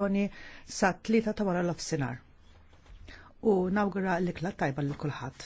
sessjoni sa' tlita ta' wara l-ofsinar. U nawgura l-ikla tajba l-kulħadd.